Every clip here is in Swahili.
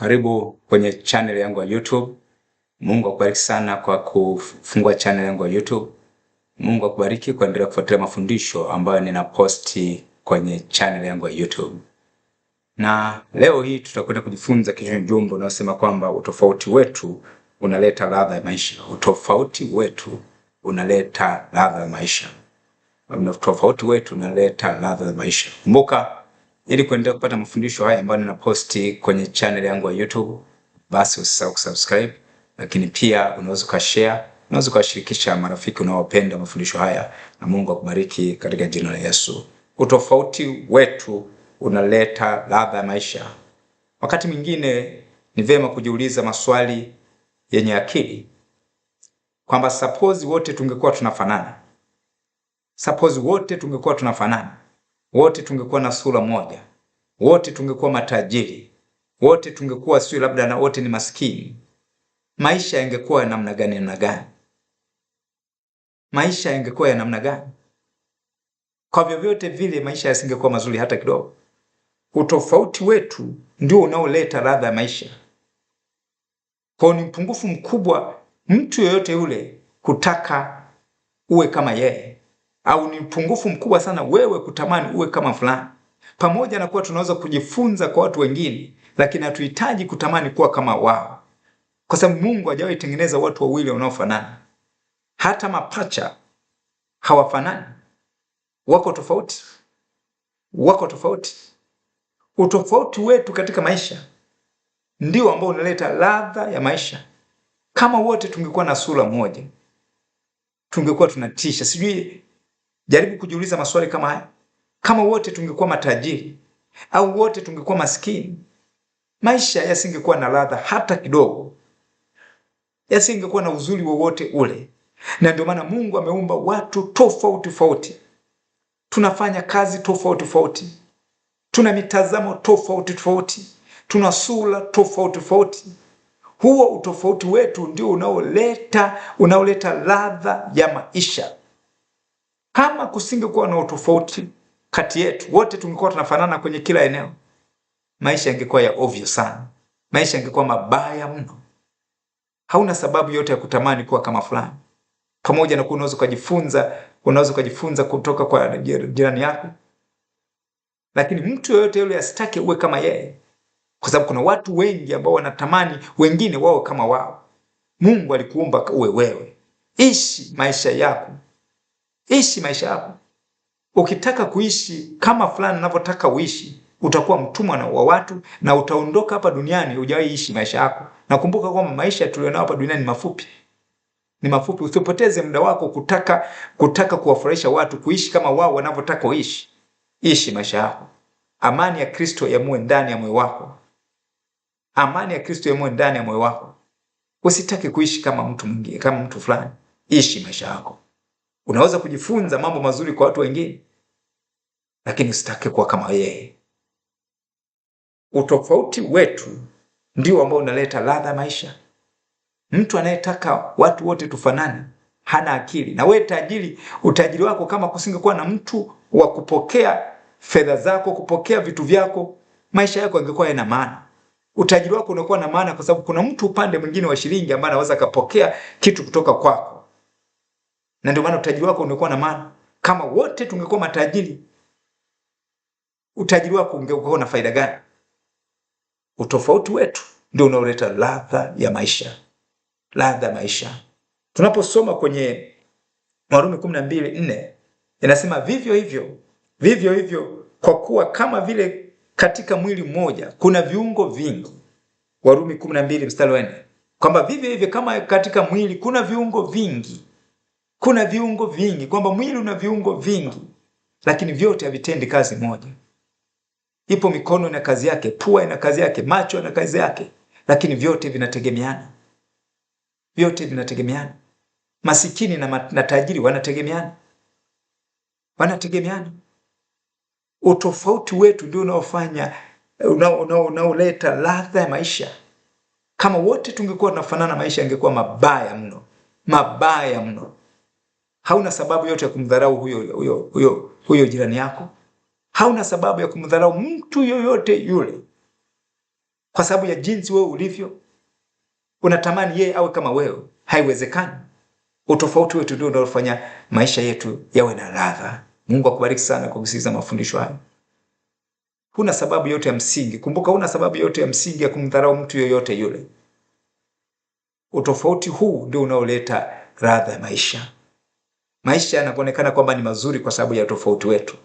Karibu kwenye channel yangu ya YouTube. Mungu akubariki sana kwa kufungua channel yangu ya YouTube. Mungu akubariki kuendelea kufuatilia mafundisho ambayo ninaposti kwenye channel yangu ya YouTube. Na leo hii tutakwenda kujifunza kichwa jumbo unaosema kwamba utofauti wetu unaleta ladha ya maisha. Utofauti wetu unaleta ladha ya maisha. Utofauti wetu unaleta ladha ya maisha. Kumbuka ili kuendelea kupata mafundisho haya ambayo ninaposti kwenye channel yangu ya YouTube, basi usisahau kusubscribe, lakini pia unaweza ukashare, unaweza ukashirikisha marafiki unaowapenda mafundisho haya, na Mungu akubariki katika jina la Yesu. Utofauti wetu unaleta ladha ya maisha. Wakati mwingine ni vema kujiuliza maswali yenye akili kwamba suppose wote tungekuwa tunafanana, suppose wote tungekuwa tunafanana wote tungekuwa na sura moja, wote tungekuwa matajiri, wote tungekuwa sio labda na wote ni maskini, maisha yangekuwa ya namna gani? Namna gani? Maisha yangekuwa ya namna gani? Kwa vyovyote vile maisha yasingekuwa mazuri hata kidogo. Utofauti wetu ndio unaoleta ladha ya maisha. Kwa ni mpungufu mkubwa mtu yoyote yule kutaka uwe kama yeye au ni upungufu mkubwa sana wewe kutamani uwe kama fulani. Pamoja na kuwa tunaweza kujifunza kwa watu wengine, lakini hatuhitaji kutamani kuwa kama wao, kwa sababu Mungu hajawahi tengeneza watu wawili wanaofanana. Hata mapacha hawafanani, wako tofauti, wako tofauti. Utofauti wetu katika maisha ndio ambao unaleta ladha ya maisha. Kama wote tungekuwa na sura moja, tungekuwa tunatisha. Sijui Jaribu kujiuliza maswali kama haya. Kama wote tungekuwa matajiri au wote tungekuwa maskini, maisha yasingekuwa na ladha hata kidogo, yasingekuwa na uzuri wowote ule. Na ndio maana Mungu ameumba watu tofauti tofauti, tunafanya kazi tofauti tofauti, tuna mitazamo tofauti tofauti, tuna sura tofauti tofauti. Huo utofauti wetu ndio unaoleta unaoleta ladha ya maisha. Kama kusingekuwa na utofauti kati yetu, wote tungekuwa tunafanana kwenye kila eneo, maisha yangekuwa ya ovyo sana, maisha yangekuwa mabaya mno. Hauna sababu yote ya kutamani kuwa kama fulani, pamoja na kuwa unaweza ukajifunza, unaweza ukajifunza kutoka kwa jirani yako, lakini mtu yoyote yule asitake uwe kama yeye, kwa sababu kuna watu wengi ambao wanatamani wengine wawe kama wao. Mungu alikuumba uwe wewe, ishi maisha yako Ishi maisha yako. Ukitaka kuishi kama fulani anavyotaka uishi, utakuwa mtumwa na wa watu na utaondoka hapa duniani hujawahi ishi maisha yako. Nakumbuka kwamba maisha tulionayo hapa duniani ni mafupi, ni mafupi. Usipoteze muda wako kutaka kutaka kuwafurahisha watu, kuishi kama wao wanavyotaka uishi. Ishi maisha yako. Amani ya Kristo yamue ndani ya moyo wako, amani ya Kristo yamue ndani ya moyo wako. Usitaki kuishi kama mtu mwingine, kama mtu fulani. Ishi maisha yako. Unaweza kujifunza mambo mazuri kwa watu wengine, lakini usitake kuwa kama yeye. Utofauti wetu ndio ambao unaleta ladha maisha. Mtu anayetaka watu wote tufanane hana akili. Na wewe tajiri, utajiri wako kama kusingekuwa na mtu wa kupokea fedha zako, kupokea vitu vyako, maisha yako yangekuwa yana maana. Utajiri wako unakuwa na maana kwa sababu kuna mtu upande mwingine wa shilingi ambaye anaweza kapokea kitu kutoka kwako na ndio maana utajiri wako ungekuwa na maana. Kama wote tungekuwa matajiri, utajiri wako ungekuwa na faida gani? Utofauti wetu ndio unaoleta ladha ya maisha, ladha ya maisha. Tunaposoma kwenye Warumi 12:4 inasema vivyo hivyo, vivyo hivyo, kwa kuwa kama vile katika mwili mmoja kuna viungo vingi. Warumi 12 mstari wa 4, kwamba vivyo hivyo kama katika mwili kuna viungo vingi kuna viungo vingi, kwamba mwili una viungo vingi, lakini vyote havitendi kazi moja. Ipo mikono ina kazi yake, pua ina kazi yake, macho ina kazi yake, lakini vyote vinategemeana, vyote vinategemeana. Masikini na, na tajiri wanategemeana, wanategemeana. Utofauti wetu ndio unaofanya unaoleta ladha ya maisha. Kama wote tungekuwa tunafanana, maisha yangekuwa mabaya mno, mabaya mno hauna sababu yote ya kumdharau huyo, huyo, huyo, huyo jirani yako. Hauna sababu ya kumdharau mtu yoyote yule kwa sababu ya jinsi wewe ulivyo. Unatamani yeye awe kama wewe, haiwezekani. Utofauti wetu ndio unaofanya maisha yetu yawe na ladha. Mungu akubariki sana kwa kusikiliza mafundisho haya. Huna sababu yote ya msingi, kumbuka, huna sababu yote ya msingi ya kumdharau mtu yoyote yule. Utofauti huu ndio unaoleta ladha ya maisha. Maisha yanaonekana kwamba ni mazuri kwa sababu ya tofauti wetu.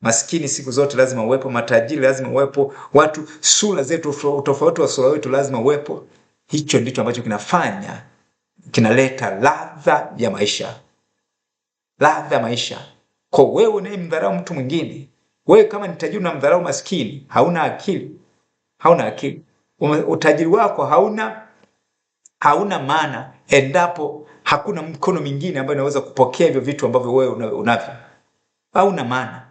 Maskini siku zote lazima uwepo, matajiri lazima uwepo, watu sura zetu, utofauti wa sura wetu lazima uwepo. Hicho ndicho ambacho kinafanya kinaleta ladha ya maisha, ladha ya maisha. Kwa wewe mdharau mtu mwingine, wewe kama ni tajiri na mdharau maskini, hauna akili, hauna akili. Utajiri wako hauna hauna maana endapo hakuna mkono mwingine ambayo anaweza kupokea hivyo vitu ambavyo wewe unavyo. Hauna maana,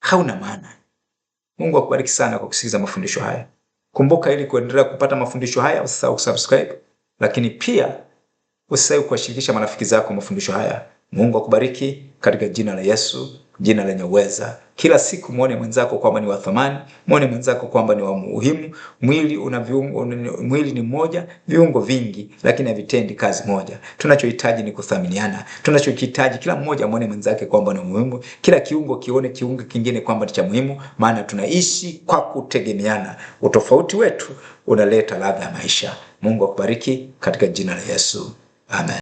hauna maana. Mungu akubariki sana kwa kusikiliza mafundisho haya. Kumbuka, ili kuendelea kupata mafundisho haya usisahau kusubscribe, lakini pia usisahau kuwashirikisha marafiki zako mafundisho haya. Mungu akubariki katika jina la Yesu, jina lenye uweza. Kila siku mwone mwenzako kwamba ni wa thamani, mwone mwenzako kwamba ni wa muhimu. Mwili una viungo, mwili ni mmoja, viungo vingi, lakini havitendi kazi moja. Tunachohitaji ni kuthaminiana. Tunachokihitaji kila mmoja mwone mwenzake kwamba ni muhimu, kila kiungo kione kiungo kingine kwamba ni cha muhimu, maana tunaishi kwa kutegemeana. Utofauti wetu unaleta ladha ya maisha. Mungu akubariki katika jina la Yesu, amen.